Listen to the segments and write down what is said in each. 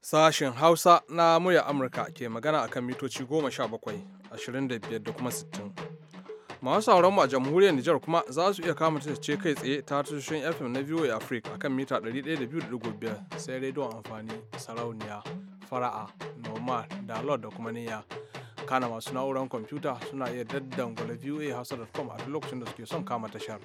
Sashen Hausa na murya Amurka ke magana akan mitoci goma 17, 25 da kuma sittin, Masu sauran mu a jamhuriyar Nijar kuma za su iya kama ta ce kai tsaye ta tashoshin FM na VOA Africa akan mita 102.5 sai rediyon amfani sarauniya. fara'a noma download da kuma niyya kana masu na'urar kwamfuta suna iya daddangula voa hasa.com a duk lokacin da suke son kama tashar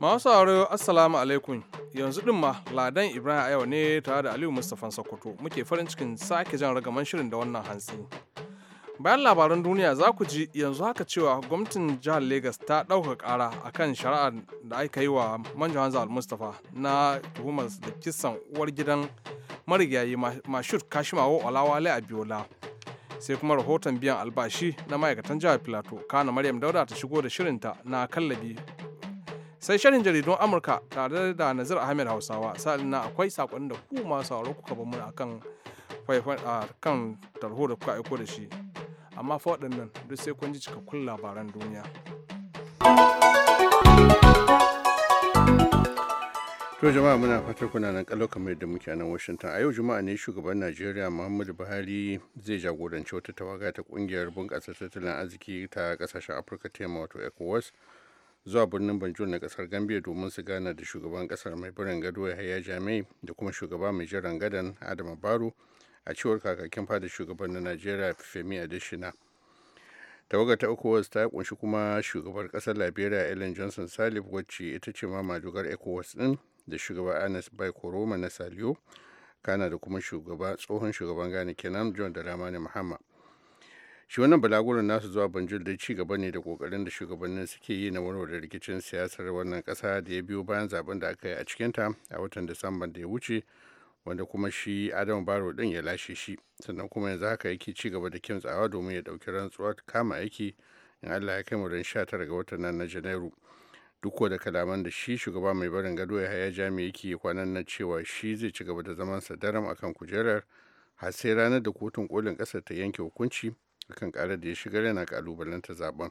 masu sauraro assalamu alaikum yanzu din ma ladan ibrahim a ne tare da aliyu mustapha sokoto muke farin cikin sake jan ragaman shirin da wannan hantsi bayan labaran duniya za ku ji yanzu haka cewa gwamnatin jihar lagos ta ɗauka ƙara a kan shari'ar da aka yi wa manjan hanzu al-mustapha na tuhumar da kisan uwar gidan marigayi mashud kashimawo olawale abiola sai kuma rahoton biyan albashi na ma'aikatan jihar filato kana maryam dauda ta shigo da shirinta na kallabi sai shirin jaridun amurka tare da nazir ahmed hausawa sa'ilin na akwai saƙon da ku masu sauraro kuka bamu akan kan tarho da kuka aiko da shi amma fa waɗannan duk sai kun ji cikakkun labaran duniya to jama'a muna fatar kuna nan kallo da muke nan washington a yau juma'a ne shugaban najeriya muhammadu buhari zai jagoranci wata tawaga ta kungiyar bunƙasa tattalin arziki ta ƙasashen afirka ta yamma wato ecowas zuwa birnin banjul na kasar gambia domin su gana da shugaban kasar mai birin gado ya haya da kuma shugaba mai jiran gadan adama baro a cewar kakakin fada shugaban na najeriya femi adesina tawaga ta uku ta kunshi kuma shugabar kasar liberia ellen johnson salif wacce ita ce ma madugar ecowas din da shugaba anas bai koroma na saliyo kana da kuma shugaba tsohon shugaban gane kenan john da ramani muhammad shi wannan balagurin nasu zuwa banjul da ci gaba ne da kokarin da shugabannin suke yi na warware rikicin siyasar wannan kasa da ya biyo bayan zaben da aka yi a cikinta a watan disamban da ya wuce wanda kuma shi adamu baro din ya lashe shi sannan kuma yanzu haka yake ci gaba da kimtsawa domin ya dauki rantsuwa kama aiki in allah ya kai mu ran 19 ga watan nan na janairu duk da kalaman da shi shugaba mai barin gado ya haya jami yake kwanan nan cewa shi zai ci gaba da zaman sa daram akan kujerar har sai ranar da kotun kolin kasar ta yanke hukunci akan karar da ya shigar yana kalubalanta zaben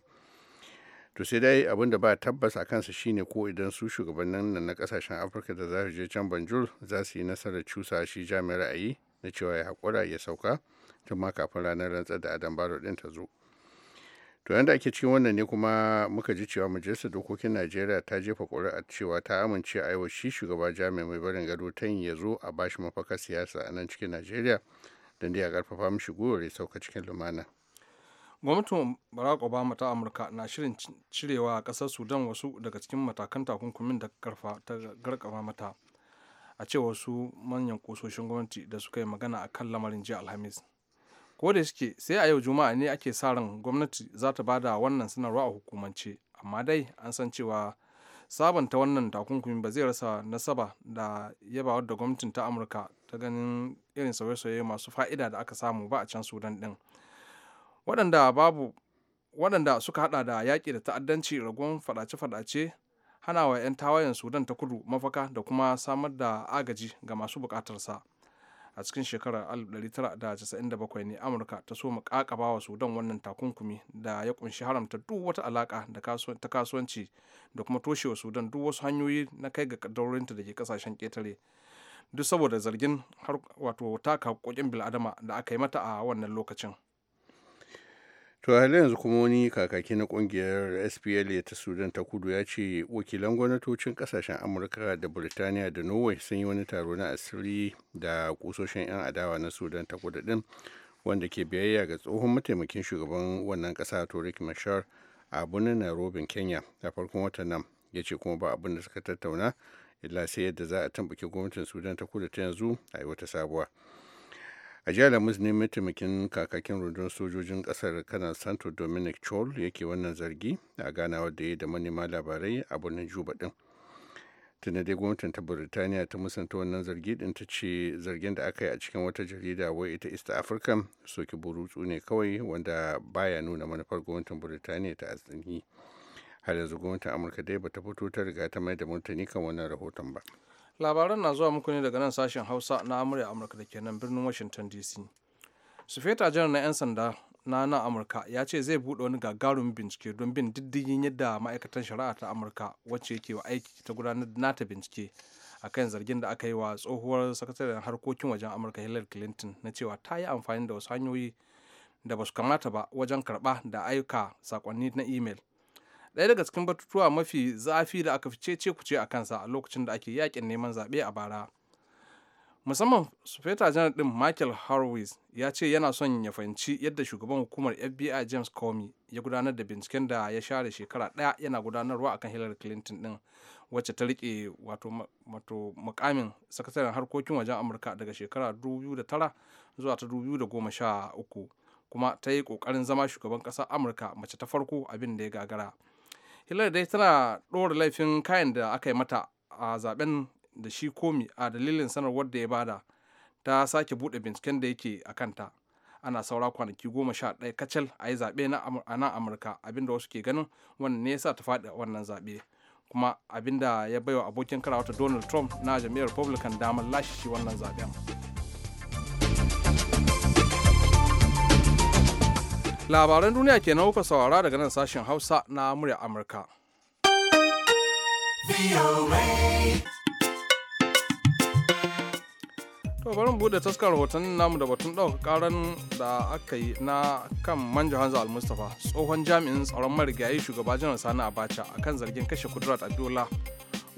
to sai dai abin da ba tabbas a kansa shine ko idan su shugabannin nan na kasashen afirka da za su je can banjul za su yi nasarar cusa shi jami'ar ra'ayi na cewa ya haƙura ya sauka tun ma kafin ranar rantsar da adam baro din ta zo to yanda ake cikin wannan ne kuma muka ji cewa majalisar dokokin najeriya ta jefa ƙuri'a cewa ta amince a yau shi shugaba jami'a mai barin gado ta yin ya zo a bashi mafakar siyasa a nan cikin najeriya don dai a ƙarfafa mishi gwiwar ya sauka cikin lumana gwamnatin barack obama ta amurka na shirin cirewa kasar sudan wasu daga cikin matakan takunkumin da karfa ta garkama mata a cewar wasu manyan kusoshin gwamnati da suka yi magana a kan lamarin jiya alhamis ko da suke sai a yau juma'a ne ake sa ran gwamnati za ta bada wannan sanarwa a hukumance amma dai an san cewa sabanta wannan takunkumin ba zai rasa nasaba da yabawar da gwamnatin ta amurka ta ganin irin sauye-sauye masu fa'ida da aka samu ba a can sudan ɗin. waɗanda babu waɗanda suka haɗa da yaƙi da ta'addanci ragon faɗace-faɗace wa 'yan tawayen sudan ta kudu mafaka da kuma samar da agaji ga masu buƙatarsa a cikin shekarar 1997 ne amurka ta so ƙaƙaba wa sudan wannan takunkumi da ya kunshi haramta duk wata alaka ta kasuwanci da kuma toshewa sudan duk wasu hanyoyi na kai ga daurinta da ke kasashen ketare duk saboda zargin wato taka bil'adama da aka yi mata a wannan lokacin to halin yanzu kuma wani kakaki na kungiyar spla ta sudan ta kudu ya ce wakilan gwamnatocin kasashen amurka da birtaniya da norway sun yi wani taro na asiri da kusoshin 'yan adawa na sudan ta kudu din wanda ke biyayya ga tsohon mataimakin shugaban wannan kasa rick mashar a birnin nairobi kenya a farkon watan nan ya ce kuma ba abin da suka tattauna illa sai yadda za a tambaki gwamnatin sudan ta kudu ta yanzu a yi wata sabuwa a jihar lamus ne mataimakin kakakin rundun sojojin kasar kanan santo dominic chol yake wannan zargi a ganawar da ya da manema labarai a birnin juba din tunda dai gwamnatin ta birtaniya ta musanta wannan zargi din ta ce zargin da aka yi a cikin wata jarida wai ita east africa soki burutsu ne kawai wanda baya nuna manufar gwamnatin birtaniya ta azumi har yanzu gwamnatin amurka dai bata fito ta riga ta mai da martani kan wannan rahoton ba labaran na zuwa muku ne daga nan sashen hausa na amurya amurka da ke nan birnin washington dc sufeta janar na 'yan sanda na nan amurka ya ce zai buɗe wani gagarumin bincike don bin diddigin yadda ma'aikatan shari'a ta amurka wacce yake wa aiki ta gudanar da nata bincike a kan zargin da aka yi wa tsohuwar sakataren harkokin wajen amurka hillary clinton na cewa ta yi amfani da wasu hanyoyi da ba su kamata ba wajen karɓa da aika sakonni na imel ɗaya daga cikin batutuwa mafi zafi da aka fi fice kuce a kansa a lokacin da ake yakin neman zaɓe a bara musamman sufeta janar ɗin michael harwis ya ce yana son ya fahimci yadda shugaban hukumar fbi james comey ya gudanar da binciken da ya share shekara ɗaya yana gudanarwa akan hillary clinton ɗin wacce ta riƙe wato mukamin sakataren harkokin wajen amurka daga shekara 2009 zuwa ta 2013 kuma ta yi ƙoƙarin zama shugaban ƙasar amurka mace ta farko abin da ya gagara hillary dai tana ɗora laifin kayan da aka yi mata a zaben da shi komi a dalilin sanarwar da ya bada ta sake buɗe binciken da yake a kanta ana saura kwanaki goma sha ɗaya kacal a yi zaɓe a nan amurka abinda wasu ke ganin wannan ne yasa ta faɗi wannan zaɓe kuma abinda ya baiwa abokin karawata donald trump na jami'ar republican damar lashe shi wannan zaɓen. labaran duniya ke nan kuka saurara daga nan sashen hausa na murya amurka to bari mu bude taskar rahoton namu da batun ɗauka karan da aka yi na kan manja hanzu almustapha tsohon jami'in tsaron marigayi shugaba janar sani abacha kan zargin kashe kudurat abdullah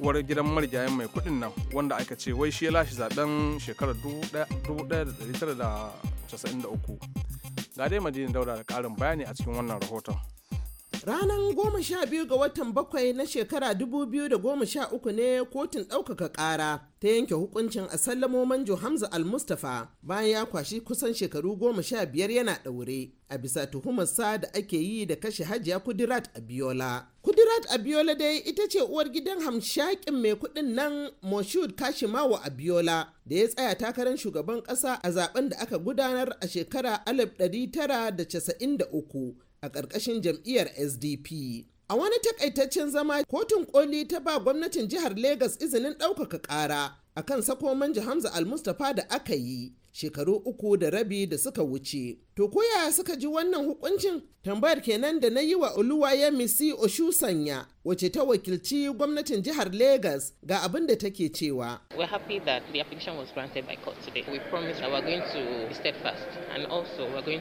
uwar gidan marigayen mai kudin nan wanda aka ce wai shi ya lashe zaben shekarar 1993 Ga dai Madina Dauda da ƙarin bayani a cikin wannan rahoton. Ranar goma sha biyu ga watan bakwai na shekara dubu biyu da goma sha uku ne kotun ɗaukaka ƙara ta yanke hukuncin a sallamoman Hamza al bayan ya kwashi kusan shekaru goma sha biyar yana ɗaure a bisa tuhumarsa da ake yi da kashe hajiya Kudirat Abiola. Kudirat Abiola dai ita ce uwar gidan hamshakin mai kuɗin nan Moshood Kashimawa Abiola da ya tsaya takarar shugaban ƙasa a zaben da aka gudanar a shekara 1993 a ƙarƙashin jam'iyyar SDP. A wani takaitaccen zama kotun koli ta ba gwamnatin jihar Legas izinin ɗaukaka ƙara akan sako manja Hamza Al-Mustapha da aka yi shekaru uku da rabi da suka wuce. To koya suka ji wannan hukuncin tambayar kenan da na yi wa Oluwaye Misi Oshusanya wace ta wakilci gwamnatin jihar Legas ga abin da take cewa. We're happy that the application was and also we're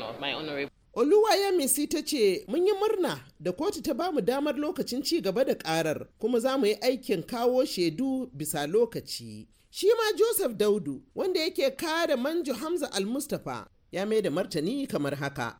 of my ta ce mun yi murna da kotu ta bamu damar lokacin ci gaba da karar kuma za mu yi aikin kawo shaidu bisa lokaci. Shi ma Joseph Daudu wanda yake kare manju Hamza Al-Mustapha ya mai da martani kamar haka.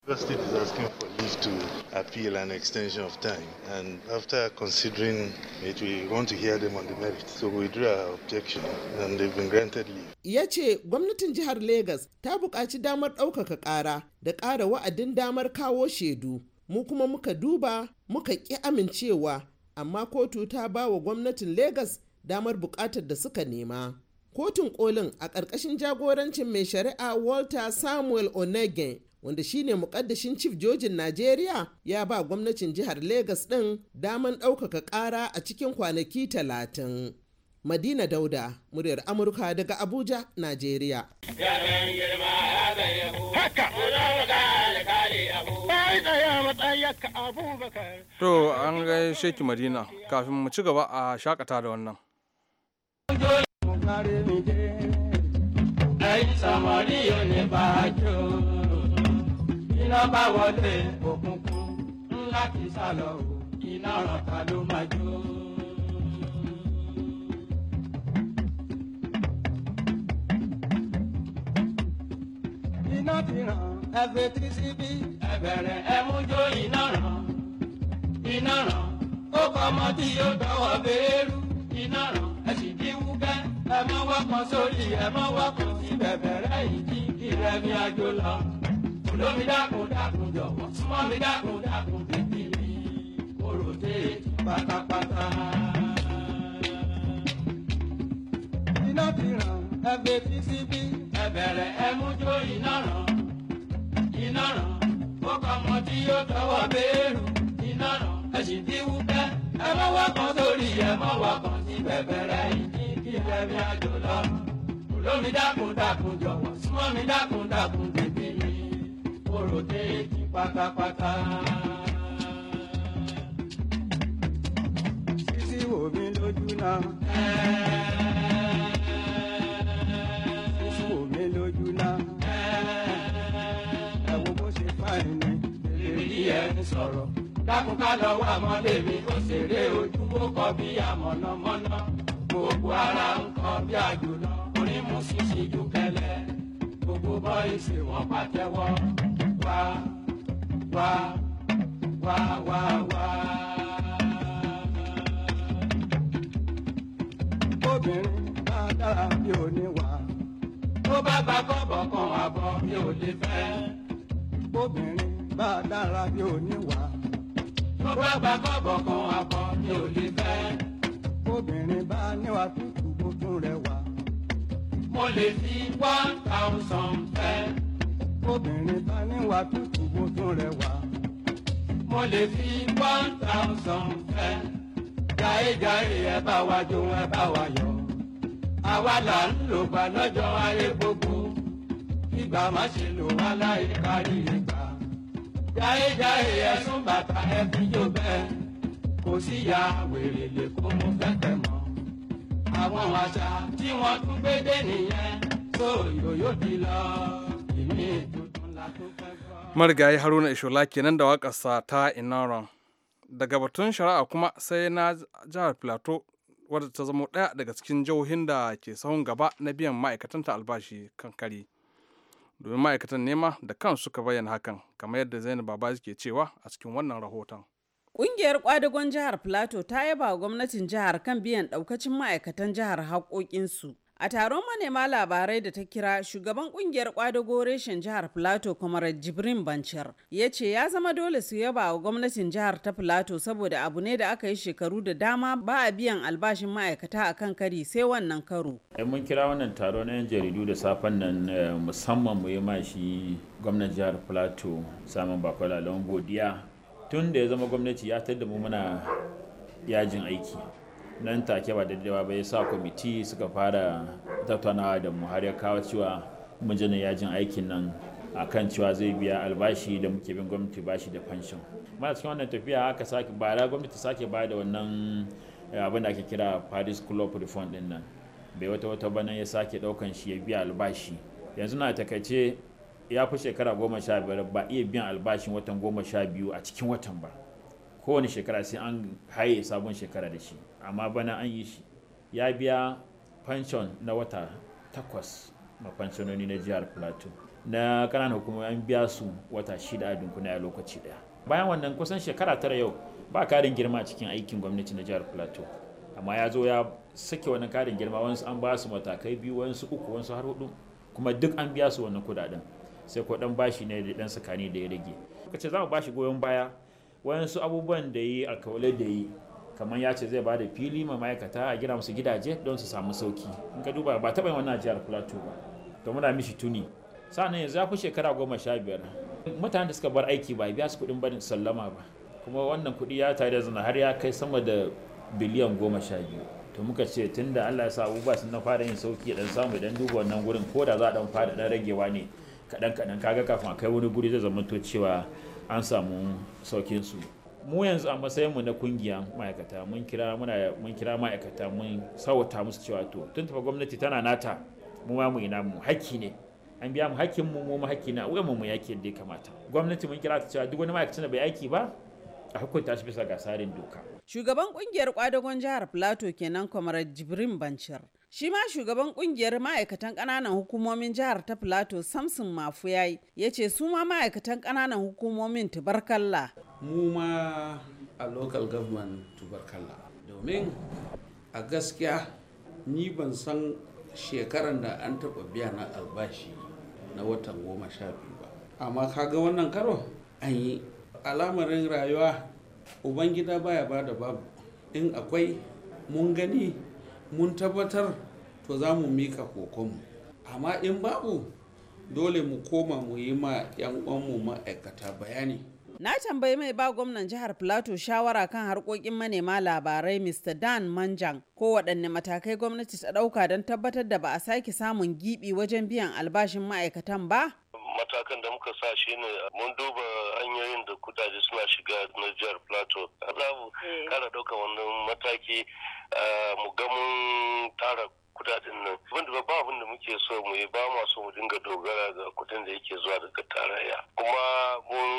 appeal an extension of time and after considering it we want to hear them on the merit so we drew our objection and they've been granted leave ya ce gwamnatin jihar lagos ta buƙaci damar ɗaukaka ƙara da ƙara wa'adin damar kawo shaidu mu kuma muka duba muka ƙi amincewa amma kotu ta ba wa gwamnatin lagos damar buƙatar da suka nema. Kotun kolin a ƙarƙashin jagorancin mai shari'a Walter Samuel Onegin wanda shine mukaddashin chief jojin Najeriya ya ba gwamnatin jihar Legas ɗin daman ɗaukaka ƙara a cikin kwanaki talatin. Madina Dauda, muryar Amurka daga Abuja, Najeriya. To an gaishe ki Madina kafin mu ci gaba a shakata da wannan. ẹ̀yin sọmọrí yóò ní bàjọ iná bá wọlé òkùnkùn ńlá kì í sálọ iná ọ̀ràn ta ló máa jó. iná ti ràn ẹ fetí síbí. ẹ bẹ̀rẹ̀ ẹ mú jó iná ràn iná ràn ó kọ́ ọmọ tí yóò dọ́wọ́ bẹ́ẹ̀. kan sórí ẹ má wá kan sí bẹ̀bẹ̀rẹ̀ ìjì ìrẹ́ ní àjò lọ. olómi dákun dákun jọ̀wọ́ súnmọ́ mi dákun dákun títí mi kóró dé pátápátá. iná ti ràn ẹgbẹ́ tí síbí. ẹ bẹ̀rẹ̀ ẹ mú jó iná ràn iná ràn ó kọ́ ọmọ tí yóò tọwọ́ béèrú iná ràn ẹ sì dín wú pẹ́ ẹ má wá kan sórí ẹ má wá kan sí bẹ̀bẹ̀rẹ̀ ìjì ilẹ̀ mi àjò lọ. olómi dákun dákun jọ̀wọ́ súnmọ́ mi dákun dákun tètè mi kóró déètì pátápátá. sísí wò mí lójú náà. sísí wò mí lójú náà. ẹ bó ṣe fáìn ní. èmi ni ń sọ̀rọ̀ dákun ká lọ wá ó ṣeré ojú ó kọ bí àmọ̀nàmọ́ná gbogbo ara ń kan bí àjò lọ orin mú ṣíṣe jù kẹlẹ gbogbo bọ́ìsì wọn pàtẹ́wọ́ wá wá wá wá wá. obìnrin bá dára bí oníwà tó bá gba kọ́bọ̀ kan àbọ̀ mi ò lè fẹ́. obìnrin bá dára bí oníwà tó bá gba kọ́bọ̀ kan àbọ̀ mi ò lè fẹ́ obìnrin bá níwà tútù gbógun rẹ̀ wá. mo lè fi one thousand fẹ́. obìnrin bá níwà tútù gbógun rẹ̀ wá. mo lè fi one thousand fẹ́. jàìjàì ẹ bá wa jó ẹ bá wa yọ. àwa là ń lò gbà lọ́jọ́ ayé gbogbo. ìgbà má ṣe lò wá láì parí ìgbà. jàìjàì ẹ sún bàtà ẹ fi jó bẹ́ẹ̀. kò síyà wèrè lè kó mú fẹ́fẹ́ mọ́. àwọn àṣà tí wọ́n tún gbé dé nìyẹn tó di marigayi haruna ishola kenan da waƙarsa ta inaron daga batun shari'a kuma sai na jihar plateau wadda ta zama ɗaya daga cikin jihohin da ke sahun gaba na biyan ma'aikatanta albashi kan kari domin ma'aikatan nema da kan suka bayyana hakan kamar yadda zainab babaji ke cewa a cikin wannan rahoton Ƙungiyar kwadagon jihar Filato ta yaba gwamnatin jihar kan biyan ɗaukacin ma'aikatan jihar haƙoƙinsu. A taron manema labarai da ta kira shugaban ƙungiyar kwadago reshen jihar Filato Kwamarar Jibrin bancar ya ce ya zama dole su yaba wa gwamnatin jihar ta Filato saboda abu ne da aka yi shekaru da dama ba a biyan albashin ma'aikata a kan kari sai wannan karo. Eh, mun kira wannan taro na 'yan jaridu da safen nan eh, musamman mu yi shi gwamnan jihar Filato samun bakwai lalon godiya tun da ya zama gwamnati ya ta da mu muna yajin aiki nan take ba daidaiwa ba ya sa kwamiti suka fara tattaunawa da mu har ya kawo cewa mun jana yajin aikin nan a kan cewa zai biya albashi da muke bin gwamnati bashi da fanshin mana cikin wannan tafiya aka sake bara gwamnati sake ba da wannan eh, abin da ake kira paris club reform din nan bai wata wata bana ya sake daukan shi ya biya albashi yanzu na takaice ya fi shekara goma sha biyar ba iya biyan albashin watan goma sha biyu a cikin watan ba kowane shekara sai an haye sabon shekara da shi amma bana an yi shi ya biya fanshon na wata takwas ma fanshononi na jihar plateau na kananan hukumomi an biya su wata shida a dunkuna a lokaci daya bayan wannan kusan shekara tara yau ba karin girma a cikin aikin gwamnati na jihar plateau amma ya zo ya sake wannan karin girma wasu an ba su matakai biyu wasu uku wasu har hudu kuma duk an biya su wannan kudaden sai ko dan bashi ne da dan sakani da ya rage kace za mu bashi goyon baya wayansu abubuwan da yi alkawalai da yi kamar ya ce zai bada fili ma ma'aikata a gina musu gidaje don su samu sauki in ka duba ba taɓa yin wannan jihar plateau ba to muna mishi tuni sa'an yanzu ya fi shekara goma sha biyar mutanen da suka bar aiki ba biya su kuɗin barin sallama ba kuma wannan kuɗi ya tare da zana har ya kai sama da biliyan goma sha biyu to muka ce tunda da allah ya sa abubuwa sun na fara yin sauki dan samu dan duba wannan gurin ko da za a dan fara dan ragewa ne kaɗan kaɗan kaga kafin a kai wani guri zai zama to cewa an samu saukin su mu yanzu a matsayin mu na kungiya ma'aikata mun kira muna mun kira ma'aikata mun sawata musu cewa to tun tafa gwamnati tana nata mu ma mu ina mu hakki ne an biya mu hakkin mu mu hakki na uwa mu mu yake da ya kamata gwamnati mun kira ta cewa duk wani ma'aikacin da bai aiki ba a hukunta shi bisa ga tsarin doka shugaban kungiyar kwadagon jihar plateau kenan kwamarar jibrin bancir Shi ma shugaban kungiyar ma'aikatan kananan hukumomin jihar ta Filato Samson mafu ya yi ce su ma ma'aikatan kananan hukumomin tubarkalla. Mu ma a local government tubarkalla. Domin a gaskiya ni ban san shekaran da an taba biya na albashi na watan goma sha biyu ba. Amma kaga wannan karo an yi alamarin rayuwa Ubangida baya ba da babu in akwai mun gani mun tabbatar to za mu mika kokonmu amma in babu dole mu koma mu yi ma 'yan uwanmu ma'aikata bayani Na tambayi mai ba gwamnan jihar Plateau shawara kan harkokin manema labarai Mr. Dan Manjan ko waɗanne matakai gwamnati ta ɗauka don tabbatar da ba a sake samun giɓi wajen biyan albashin ma'aikatan ba matakan da muka sa shi ne mun duba hanyoyin da kudaje suna shiga na jihar plateau za mu eh. kara ɗauka wannan mataki eh, mu ga mun tara kudaden nan wanda ba abin da muke so mu yi ba ma so mu dinga dogara ga kudin da yake zuwa daga tarayya kuma mun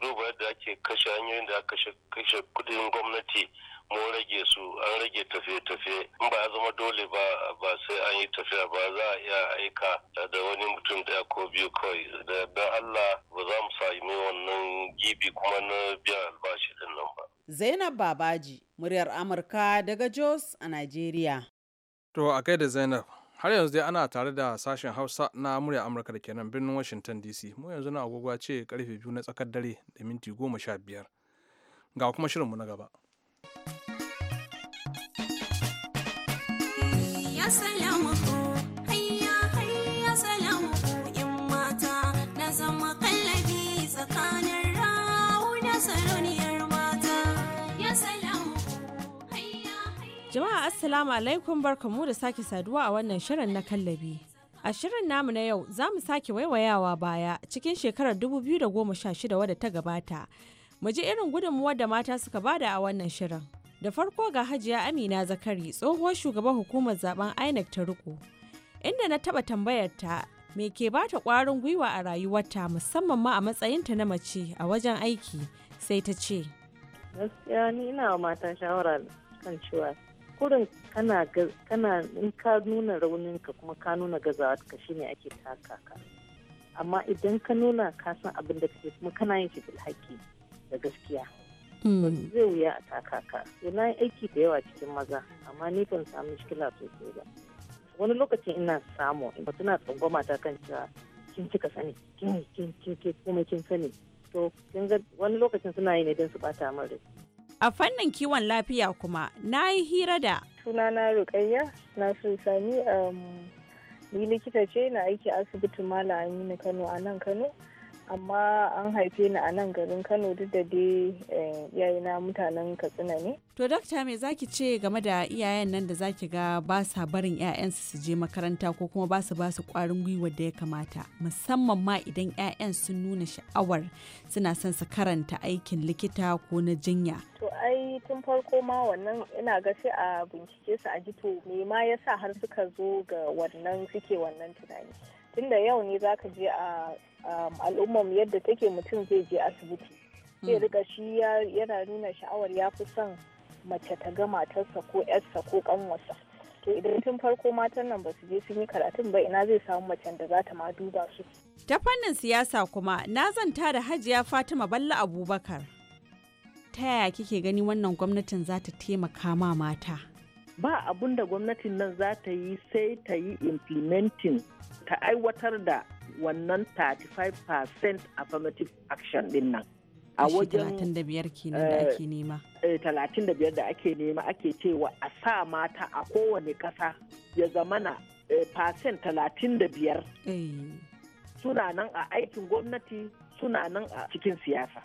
duba yadda ake kashe hanyoyin da aka kashe kudin gwamnati mu rage su an rage tafiye-tafiye in ba ya zama dole ba ba sai an yi tafiya ba za a iya aika da wani mutum daya ko biyu kawai da don Allah ba za mu sami wannan gibi kuma na biyan albashi din nan ba. Zainab Babaji, muryar Amurka daga Jos a Najeriya. To a kai da Zainab, har yanzu dai ana tare da sashen Hausa na murya Amurka da kenan birnin Washington DC. Mu yanzu na agogwa ce karfe biyu na tsakar dare da minti goma sha biyar. Ga kuma shirinmu na gaba. Ya salamu Assalamu alaikum barkamu da sake saduwa a wannan shirin na kallabi. A shirin namu na yau za mu sake waiwayawa baya cikin shekarar 2016 wadda ta gabata. Mu ji irin gudunmuwar da mata suka bada a wannan shirin. Da farko ga Hajiya Amina Zakari tsohuwar shugaban hukumar zaben INEC ta riko. Inda na taba tambayar ta me ke bata kwarin gwiwa a rayuwarta musamman ma a matsayin ta na mace a wajen aiki sai ta ce. Gaskiya ni ina mata shawara kan cewa kurin kana in ka nuna rauninka kuma ka nuna gazawa ka ne ake taka ka amma idan ka nuna ka san abin da kake kuma kana yin shi bilhaki da gaskiya hmm. zai wuya a taka ka na yi aiki da yawa cikin maza amma ni ban samu mishkila sosai ba wani lokacin ina samu ina tana tsangwama ta kan cewa kin cika sani kin kin kin kuma kin sani to kin ga wani lokacin suna yi ne don su bata min rai A fannin kiwon lafiya kuma na yi hira da. Sunana Rukayya na Sani um, ni likita ce na aiki asibitin Malam Aminu Kano a nan Kano. amma an haife ni a nan garin kano duk da dai eh, na mutanen katsina ne to dakta me zaki ce game da iyayen nan da zaki ga ba sa barin 'ya'yansu su je makaranta ko kuma ba su ba su kwarin gwiwa da ya kamata musamman ma idan 'ya'yan sun nuna sha'awar suna son su karanta aikin likita ko na jinya to ai tun farko ma wannan ina ga sai a bincike su a ji to me ma yasa har suka zo ga wannan suke wannan tunani tunda yau ne zaka je a Um, al'ummar yadda take mutum zai je asibiti zai hmm. rika shi yana nuna sha'awar ya fi son mace ta ga matarsa ko yarsa ko kanwarsa to idan tun farko matan nan ba su je sun yi karatun ba ina zai samu macen da za ta ma duba su ta fannin siyasa kuma na zanta da hajiya fatima balla abubakar ta yaya kike gani wannan gwamnatin za ta taimaka ma mata ba abun da gwamnatin nan za ta yi sai ta yi implementing ta aiwatar da wannan 35% affirmative action din nan a wajen 35 da eh, ake nema 35 eh, da ake nema ake cewa a sa mata a kowane ƙasa ya zamana eh, percent 35 suna nan a aikin gwamnati suna nan a cikin siyasa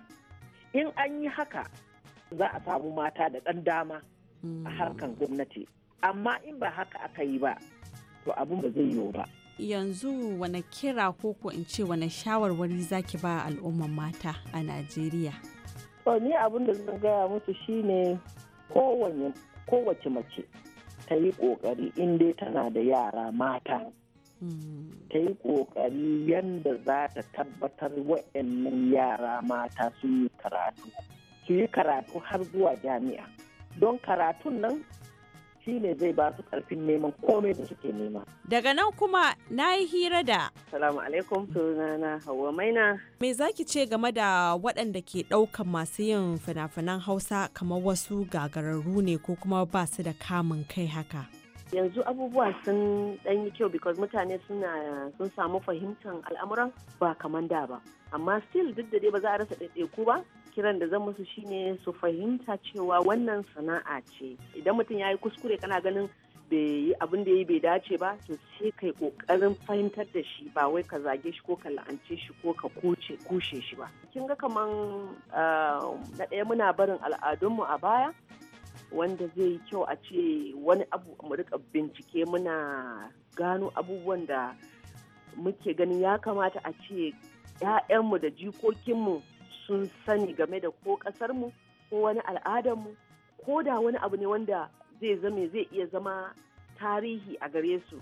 in an yi haka za a samu mata da ɗan dama a hmm. harkan gwamnati amma in ba haka aka yi ba to abin ba zai yiwu ba yanzu wane kira ko ko in ce wane shawarwari zaki ba al'umman mata a najeriya to ni abin da zan gaya musu shine ne kowace mace ta yi kokari in dai tana da yara mata hmm. ta yi kokari yadda za ta tabbatar waɗannan yara mata sun yi karatu su yi karatu har zuwa jami'a don karatun nan shi ne zai ba su karfin neman komai da suke nema. Daga nan kuma na yi hira da. Salamu alaikum sunana Hauwa Maina. Me zaki ce game da waɗanda ke ɗaukan masu yin fina-finan Hausa kamar wasu gagararru ne ko kuma ba su da kamun kai haka? yanzu abubuwa sun dan yi kyau because mutane suna sun samu fahimtar al'amuran ba kaman da ba amma still duk da dai ba za a rasa ɗaiɗaiku ba kiran da zan musu shine su fahimta cewa wannan sana'a ce idan mutum ya yi kuskure kana ganin bai yi abin da ya bai dace ba to sai kai kokarin fahimtar da shi ba wai ka zage shi ko ka la'ance shi ko ka kushe shi ba kin ga kamar ah, na ɗaya muna barin al'adunmu a baya wanda zai yi kyau a ce wani abu mu rika bincike muna gano abubuwan da muke ganin ya kamata a ce 'ya'yanmu da jikokinmu sun sani game da ko ƙasarmu ko wani al'adarmu ko da wani abu ne wanda zai zame zai iya zama tarihi a gare su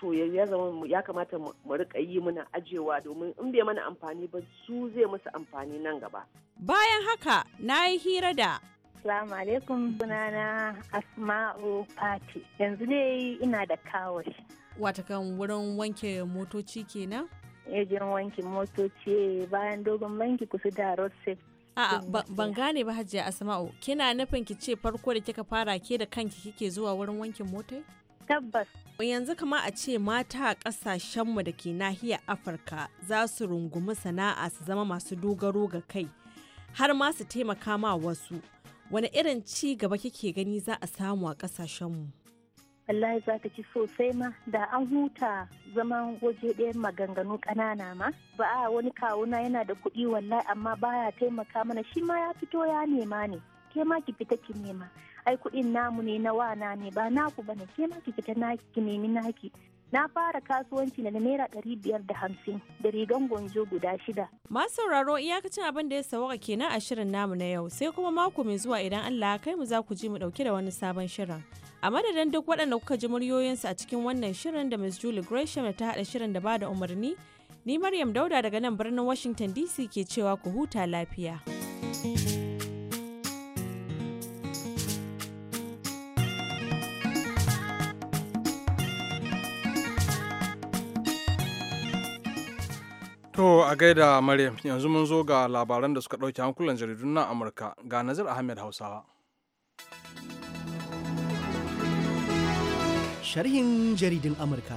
to ya zama ya kamata mu rika yi muna ajiyewa domin in bai mana amfani ba su zai musu amfani nan gaba bayan haka na yi hira da Assalamu alaikum sunana Asma'u Fati yanzu ne ina da Wata watakan wurin wanke motoci kenan ejen wanki motoci bayan dogon banki kusa da safe. a'a ban gane ba hajiya asma'u kina nufin ki ce farko da kika fara ke da kanki kike zuwa wurin wankin mota. tabbas yanzu kama a ce mata a kasashenmu da ke nahiya afirka za su rungumi sana'a su zama masu dogaro ga kai har ma su taimaka ma wasu wani irin ci gaba kike gani za a samu a kasashenmu wallahi za ta ci sosai ma da an huta zaman waje ɗayan maganganu ƙanana ma ba a wani kawuna yana da kuɗi wallahi amma baya taimaka mana shi ma ya fito ya nema ne ke ma ki fita ki nema ai kuɗin namu ne na wana ne ba naku bane ke ma ki fita naki ki nemi naki na fara kasuwanci na naira ɗari biyar da hamsin da rigan gonjo guda shida. masu sauraro iyakacin abin da ya sawaka kenan a shirin namu na yau sai kuma mako mai zuwa idan Allah kai mu za ku ji mu ɗauki da wani sabon shirin. A madadin duk waɗanda kuka ji muryoyinsu a cikin wannan shirin da ms Julie Gresham da ta haɗa shirin da bada umarni, ni Maryam Dauda daga nan birnin Washington DC ke cewa ku huta lafiya. thank you To a gaida Maryam yanzu mun zo ga labaran da suka ɗauki hankulan jaridun na Amurka ga Nazir Ahmed Hausawa. Sharhin jaridun Amurka.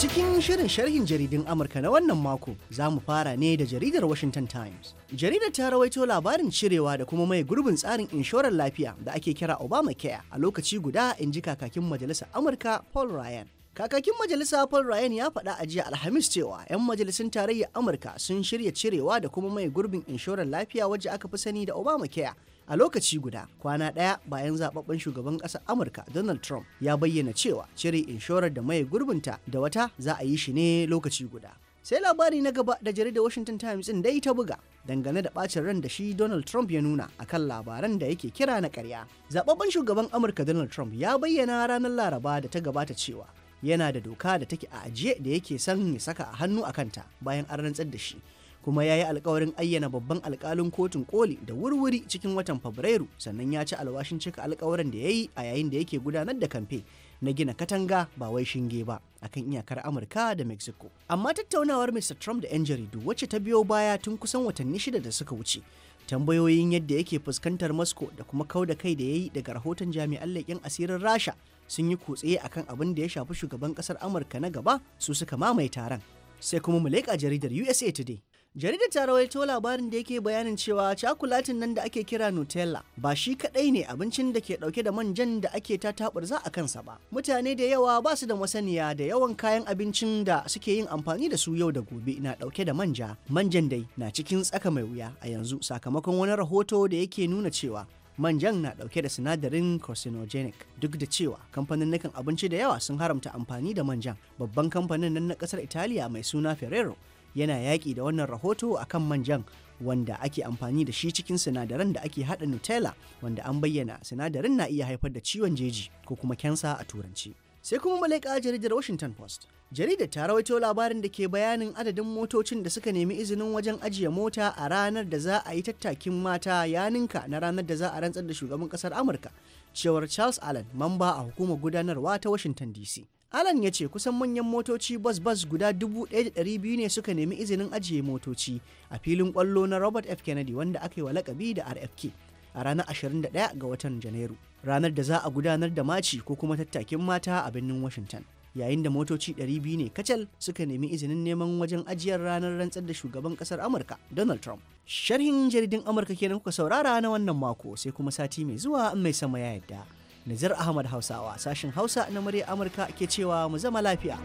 Cikin shirin sharhin jaridun Amurka na wannan mako za mu fara ne da jaridar Washington Times. Jaridar ta rawaito labarin cirewa da kuma mai gurbin tsarin inshorar lafiya da ake kira Obamacare a lokaci guda in ji kakakin Majalisa Amurka Paul Ryan. Kakakin majalisa Paul Ryan ya faɗa a jiya Alhamis cewa 'yan majalisun tarayyar Amurka sun shirya cirewa da kuma mai gurbin inshorar lafiya waje aka fi sani da Obamacare a lokaci guda kwana ɗaya bayan zababben shugaban ƙasar amurka donald trump ya bayyana cewa cire inshorar da mai gurbinta da wata za a yi shi ne lokaci guda sai labari na gaba da jaridar washington times ɗin dai ta buga dangane da ɓacin ran da shi donald trump ya nuna akan labaran da yake kira na karya zababben shugaban amurka donald trump ya bayyana ranar laraba da ta gabata cewa yana da doka da take a ajiye da yake son ya saka a hannu a kanta bayan an rantsar da shi kuma ya yi alkawarin ayyana babban alkalin kotun koli da wurwuri cikin watan fabrairu sannan ya ci alwashin cika alkawarin da ya yi a yayin da yake gudanar da kamfe na gina katanga ba wai shinge ba akan iyakar amurka da mexico amma tattaunawar mr trump da 'yan jaridu wacce ta biyo baya tun kusan watanni shida da suka wuce tambayoyin yadda yake fuskantar moscow da kuma kau da kai da ya yi daga rahoton jami'an leƙen asirin rasha sun yi kutse akan abin da ya shafi shugaban kasar amurka na gaba su suka mamaye taron sai kuma mu leƙa jaridar usa today Jaridar ta labarin da yake bayanin cewa cakulatin nan da ake kira Nutella ba shi kadai ne abincin da ke dauke da manjan da ake ta taburza a kansa ba. Mutane da yawa ba su da masaniya da yawan kayan abincin da suke yin amfani da su yau da gobe na dauke da manja. Manjan dai na cikin tsaka mai wuya a yanzu sakamakon wani rahoto da yake nuna cewa manjan na dauke da sinadarin carcinogenic duk da cewa kamfanin abinci da yawa sun haramta amfani da manjan babban kamfanin nan na kasar italiya mai suna ferrero yana yaƙi da wannan rahoto a kan manjan wanda ake amfani da shi cikin sinadaran da ake haɗa Nutella wanda an bayyana sinadarin na iya haifar da ciwon jeji ko kuma kensa a turanci. Sai kuma malaika jaridar Washington Post. Jaridar ta rawaito labarin da ke bayanin adadin motocin da suka nemi izinin wajen ajiye mota a ranar da za a yi tattakin mata ya ninka na ranar da za a rantsar da shugaban kasar Amurka, cewar Charles Allen, mamba a hukumar gudanarwa ta Washington DC. Alan ya ce kusan manyan motoci bas-bas guda 1,200 ne suka nemi izinin ajiye motoci a filin kwallo na Robert F. Kennedy wanda aka yi wa lakabi da RFK a ranar 21 ga watan Janairu, ranar da za a gudanar da maci ko kuma tattakin mata a birnin Washington. Yayin da motoci 200 ne kacal suka nemi izinin neman wajen ajiyar ranar rantsar da shugaban kasar Amurka Donald Trump. Sharhin jaridin Amurka kenan kuka saurara na wannan mako sai kuma sati mai zuwa mai sama ya yadda. Nazir Ahmad Hausawa sashen Hausa na murya Amurka ke cewa mu zama lafiya.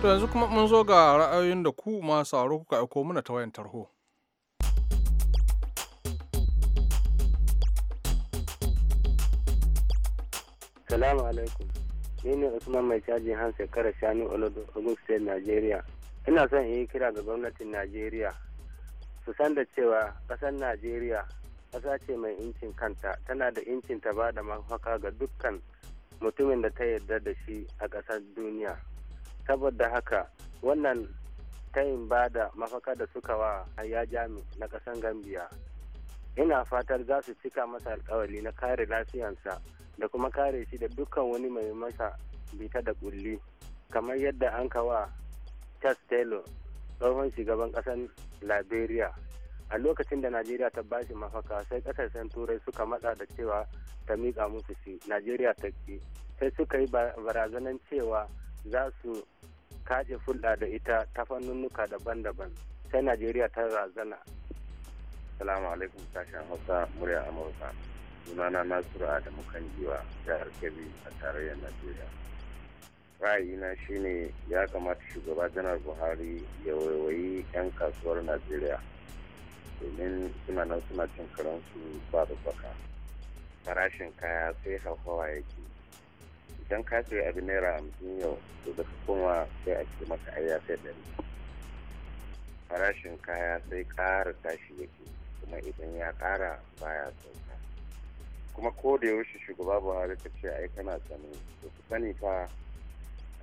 To yanzu kuma mun zo ga ra'ayoyin da ku masu aro kuka aiko mana ta wayan tarho. Salamu alaikum. Ni ne Usman mai caji han shekara Shani Olodo, Ogun State, Nigeria. Ina son in yi kira ga gwamnatin Najeriya su san da cewa ƙasar Najeriya ƙasa ce mai incin kanta tana da incin ta ba da mafaka ga dukkan mutumin da ta yarda da shi a ƙasar duniya saboda haka wannan tayin ba da mafaka da suka wa ya jami na ƙasar gambiya ina fatar za su cika masa alkawali na kare lafiyansa da kuma kare shi da dukkan wani mai masa bita da kulli kamar yadda an kawa tas Taylor tsohon shugaban ƙasar Liberia a lokacin da najeriya ta bashi mafaka sai kasashen turai suka matsa da cewa ta miƙa musu shi najeriya ta ce sai suka yi barazanan cewa za su kaje fulɗa da ita ta fannunuka daban-daban sai najeriya ta razana salamu alaikum sashen hausa murya amurka sunana nasiru da mukan jiwa jihar kebbi a tarayyar najeriya ra'ayina shine ya kamata shugaba janar buhari ya waiwayi 'yan kasuwar najeriya domin suna nan suna cin karansu ba baka. farashin kaya sai hauhawa yake idan ka sai abin naira hamsin yau to da ka koma sai a ce maka ayya sai ɗari farashin kaya sai ƙara tashi yake kuma idan ya ƙara baya sauka kuma ko da yaushe shugaba buhari ka ce ai kana sani to ku sani fa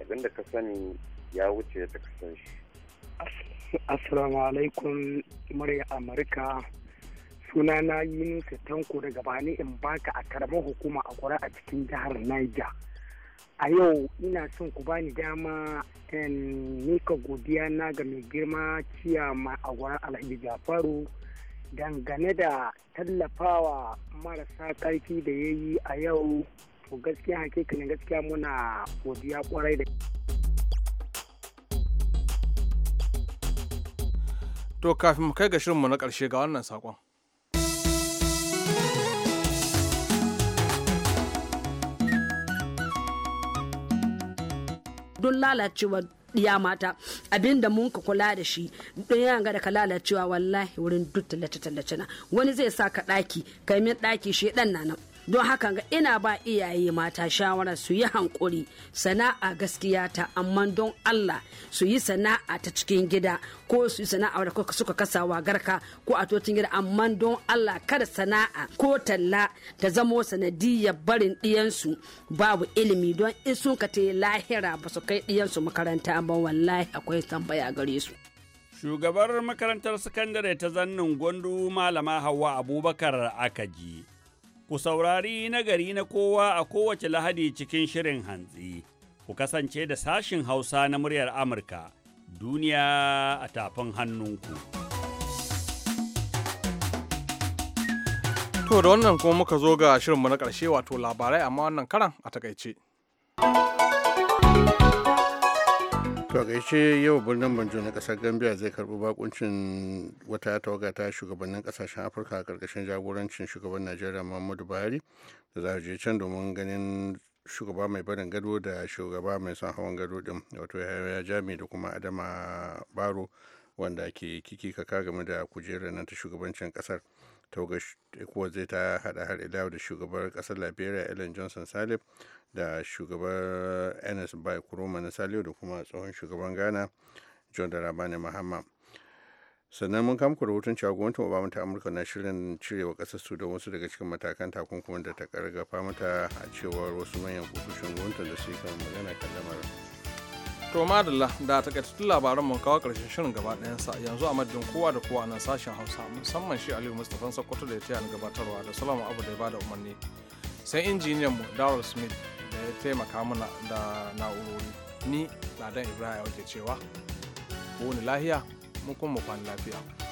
abin da ka sani ya wuce ta ka san shi Assalamu alaikum murya Amurka. yi nusa Tanko daga bani in baka a karamar hukuma a kura a cikin jihar Niger. A yau ina son ku bani dama in nika godiya na ga mai girma ma a gwara Alhaji Jafaru dangane da tallafawa marasa ƙarfi da ya yi a yau to gaskiya hakikanin gaskiya muna godiya kwarai da To kafin mu kai ga shirinmu na ƙarshe ga wannan saƙon. Don lalacewa ɗiya mata abinda mun ka kula da shi don yana ga da ka lalacewa wallahi wurin duk tallace-tallace na wani zai sa ka ɗaki kaimin ɗaki shi ɗan na nan don haka ina ba iyaye mata shawara su yi hankuri sana'a gaskiya ta amma don Allah su yi sana'a ta cikin gida ko su yi sana'a da suka kasa wa garka ko a totin gida amma don Allah kada sana'a ko talla ta zamo sanadiyar barin ɗiyansu babu ilimi don in sun ka ta lahira ba su kai ɗiyansu makaranta ba wallahi akwai tambaya gare su. Shugabar makarantar sakandare ta zannin gwandu Malama Hauwa Abubakar Akaji ku saurari nagari na kowa a kowace lahadi cikin shirin hantsi. Ku kasance da sashin Hausa na muryar Amurka, duniya a tafin hannunku. To da wannan kuma muka zo ga shirinmu na ƙarshe wato labarai amma wannan karan a takaice. to shi yau birnin banjo na kasar gambia zai karbi bakuncin wata tawaga ta shugabannin kasashen afirka a karkashin jagorancin shugaban najeriya muhammadu buhari da za je can domin ganin shugaba mai barin gado da shugaba mai son hawan gado din wato ya jami da kuma adama baro wanda ke kiki kaka game da kujerar nan ta shugabancin kasar taugar ecowas zai ta hada har ila da shugabar kasar liberia ellen johnson salif da shugabar ns bai kuroma na saliyo da kuma tsohon shugaban ghana john darabani mahama sannan mun kamku rahoton cewa gwamnatin obama ta amurka na shirin cirewa kasar sudan wasu daga cikin matakan takunkumin da ta kargafa mata a cewar wasu manyan kusoshin gwamnatin da su kan magana kan lamarin to madalla da takaitattun labaran mun kawo karshen shirin gaba sa yanzu a madadin kowa da kowa nan sashen hausa musamman shi aliyu mustapha sokoto da ya taya gabatarwa da salamu abu da ya bada umarni sai injiniyan mu darrell smith da ya taimaka mana da na'urori ni ladan ibrahim ke cewa wani lahiya mu kuma kwan lafiya